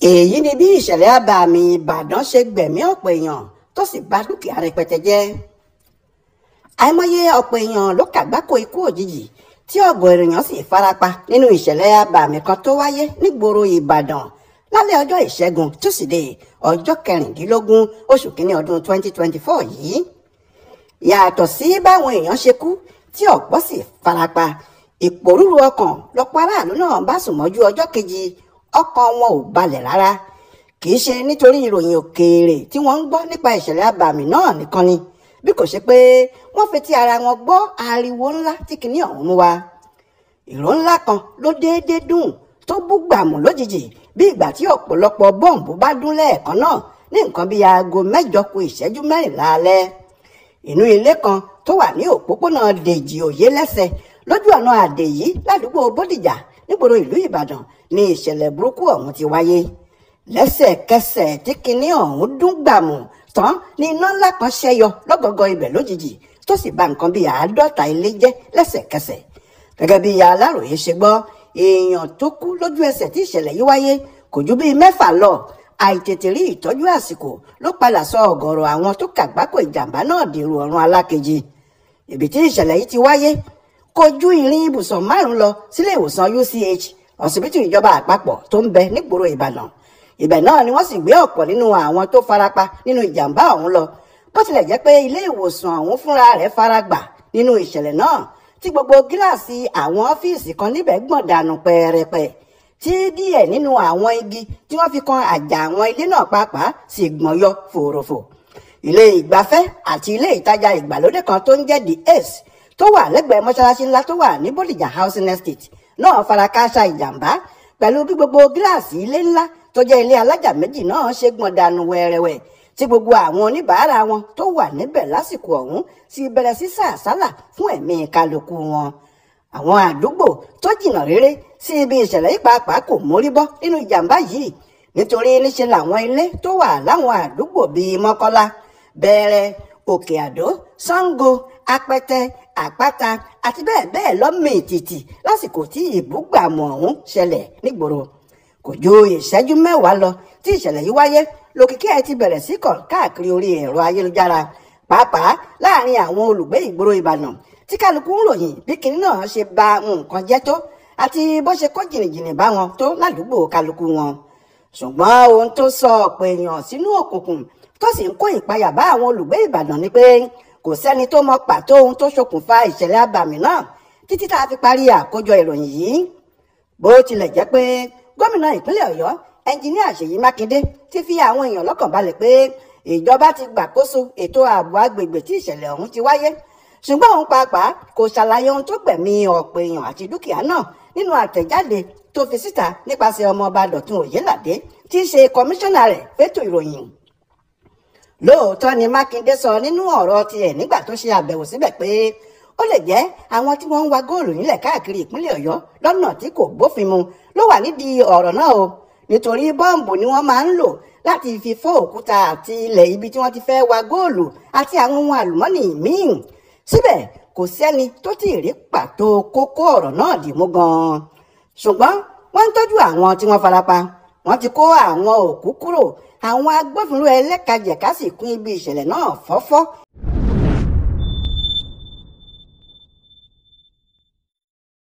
èyí ni bí ìṣẹ̀lẹ̀ abàmì ìbàdàn ṣe gbẹ̀mí ọ̀pọ̀ èèyàn tó sì bà dúkìá rẹpẹtẹ jẹ́ àìmọye ọ̀pọ̀ èèyàn ló kàgbákò ikú òjijì tí ọ̀gọ̀ èèyàn sì farapa nínú ìṣẹ̀lẹ̀ abàmì kan tó wáyé nígboro ìbàdàn lálẹ́ ọjọ́ ìṣẹ́gun túsìdeè ọjọ́ kẹrìndínlógún oṣù kínní ọdún 2024 yìí yàtọ̀ sí báwọn èèyàn ṣe kú tí ọ̀pọ̀ sì farapa ìpòrúru ọkàn lọ́pọ̀ aráàlú náà bá sùn mọ́jú ọjọ́ kejì ọkàn wọn ò balẹ̀ rárá kì í ṣe nítorí ìròyìn òkèèrè tí wọ́n ń gbọ́ nípa ìṣẹ̀lẹ̀ abàmì náà nìkan ni bí kò ṣe pé wọ́n fi ti ara wọn gbọ́ ariwo ńlá tí kìíní ọ̀hún mú wá ìró ńlá kan ló déédéé dùn tó búgbàmù lójijì bí ìgbà tí ọ̀pọ̀lọpọ̀ bọ́ǹbù bá dún lẹ́ẹ̀kan náà ní nǹkan bíi aago mẹ́jọ ku ìṣẹ́jú mẹ́rìnlá alẹ́ inú ilé kan tó wà ní òpópónà dèjì òye lẹ́sẹ̀ lójú ọ̀nà àdèyí ládùúgbò bódìjà nígboro ìlú ìbàdàn ni ìṣẹ̀lẹ̀ burúkú ọ̀hún ti wáyé lẹ́sẹ̀kẹsẹ̀ tí kinní ọ̀hún dún gbàmù tán ni iná ńlá kan ṣẹ́yọ lọ́gọ̀ọ̀gọ̀ ibẹ̀ lójijì tó sì bà nǹkan bíi àádọ́ta ilé jẹ́ lẹ́sẹ̀kẹsẹ̀ gẹ́gẹ́ bí aláròye ṣe gbọ́ èèyàn tó kú lójú ẹsẹ̀ tí ìṣẹ̀lẹ̀ yìí wáyé kò ju bíi mẹ́fà lọ àìtètè rí ìtọ́jú àsìkò ló padà sọ ọ̀gọ̀rọ̀ àwọn tó kàgbákò ìjàmbá náà dèrò ọ̀run alákeje ibi tí ìṣẹ̀lẹ̀ yìí ti wáyé kojú ìrìn ibùsùn márùn-ún lọ sílé ìwòsàn UCH ọsibítù ìjọba àpapọ̀ tó ń bẹ nígboro Ìbàdàn ibẹ̀ náà ni wọ́n sì gbé ọ̀pọ̀ nínú àwọn tó farapa nínú ìjàmbá ọ̀hún lọ bó tilẹ̀ jẹ́ pé ilé ìwòsàn ọ̀hún fúnra rẹ̀ faragbà nínú ìṣẹ̀lẹ̀ náà tí gbogbo gíláàsì àwọn ọ́fíìsì kan níbẹ̀ gbọ̀n dànù pẹẹrẹpẹ tí díẹ̀ nínú àwọn igi tí wọ́n fi kan àjà àwọn ilé náà pàápàá sì gbọ̀n yọ fòròfò ilé ìgbafẹ́ àti ilé ìtajà ìgbàlódé kan tó ń jẹ́ the ace tó wà lẹ́gbẹ̀ẹ́ mọ́ṣáláṣí ńlá tó wà ní Bódìjà housing estate náà fara kááṣá ìjàmbá pẹ̀lú bí gbogbo gíláàsì ilé ńlá tó jẹ́ ilé alájà méjì náà ṣe gbọ̀n dànù wẹ̀rẹ̀wẹ̀ tí gbogbo àwọn oníbàárà wọn tó wà níbẹ̀ lásìkò ọ̀hún sì bẹ̀rẹ̀ sí sàásálà fún ẹ̀mí kálukú wọn àwọn àdúgbò tó jìnnà réré sí ibi ìṣẹ̀lẹ̀ yìí pàápàá kò mórí bọ́ nínú ìjàmbá yìí nítorí níṣe làwọn ilé tó wà láwọn àdúgbò bíi mọ́kọ́lá bẹ̀rẹ̀ òkè àdó sango apẹtẹ àpáta àti bẹ́ẹ̀ bẹ́ẹ̀ lọ́mìn tìtì lásìkò tí ìbúgbàmù ọ̀hún ṣẹlẹ̀ nígboro kò ju ìṣẹ́jú mẹ́wàá lọ tí ìṣẹ̀lẹ̀ yìí wáyé lókìkí ẹ̀ ti bẹ̀rẹ̀ sí kàn káàkiri orí ẹ̀rọ ayélujára pàápàá láàrin àwọn olùgbé ìgboro ìbàdàn tí kálukú ń ròyìn bí kinní náà ṣe ba nǹkan jẹ́ tó àti bó ṣe kó jìnnìjìnnì bá wọn tó ládùúgbò kálukú wọn ṣùgbọ́n ohun tó sọ ọ̀pọ̀ èèyàn sínú òkùnkùn tó sì ń kó ìpayà bá àwọn olùgbé ìbàdàn ni pé kò sẹ́ni tó mọ pàtó ohun tó ṣokùnfà ìṣẹ̀lẹ̀ abàmì náà títí tá a fi parí àkójọ ìròyìn yìí bó tilẹ̀ jẹ́ pé gómìnà ìpínlẹ̀ ọ̀yọ́ ẹnjiníà ṣèyí mákindé ti fi àwọn èèyàn lọ́kàn balẹ̀ pé ìjọba ti gbàkóso ètò ààbò agbègbè tí ìṣẹ̀lẹ̀ ọ̀hún ti wáyé ṣùgbọ́n òun pàápàá kò ṣàlàyé ohun tó gbẹ̀mí ọ̀pọ̀ èèyàn àti dúkìá náà nínú àtẹ̀jáde tó fi síta nípasẹ̀ ọmọọba dọ̀tun òyelàdé tí í ṣe kọmíṣánná rẹ̀ fẹ́tò ìròyìn lóòótọ́ ni mákindé sọ nínú ọ̀rọ̀ tiẹ̀ nígbà tó ṣe àbẹ̀wò síbẹ̀ pé ó lè jẹ́ àwọn tí wọ́n ń wa góòlù nílẹ̀ káàkiri ìpínlẹ̀ ọ̀yọ́ lọ́nà tí kò bófin mu ló wà nídìí ọ̀rọ̀ náà o nítorí bọ́ǹbù ni wọ́n máa ń lò láti fi fọ́ òkúta àti ilẹ̀ ibi tí wọ́n ti fẹ́ wa góòlù àti àwọn ohun àlùmọ́nì míì síbẹ̀ kò sẹ́ni tó ti rí pàtó kókó ọ̀rọ̀ náà dì mú gan ṣùgbọ́n wọ́n ń tọ́jú àwọn tí wọ́n farapa wọ́n ti kó àwọn òkú kúrò àwọn agbófinró ẹlẹ́kajẹ̀ká sì kún ibi ìṣẹ̀lẹ̀ náà fọ́fọ́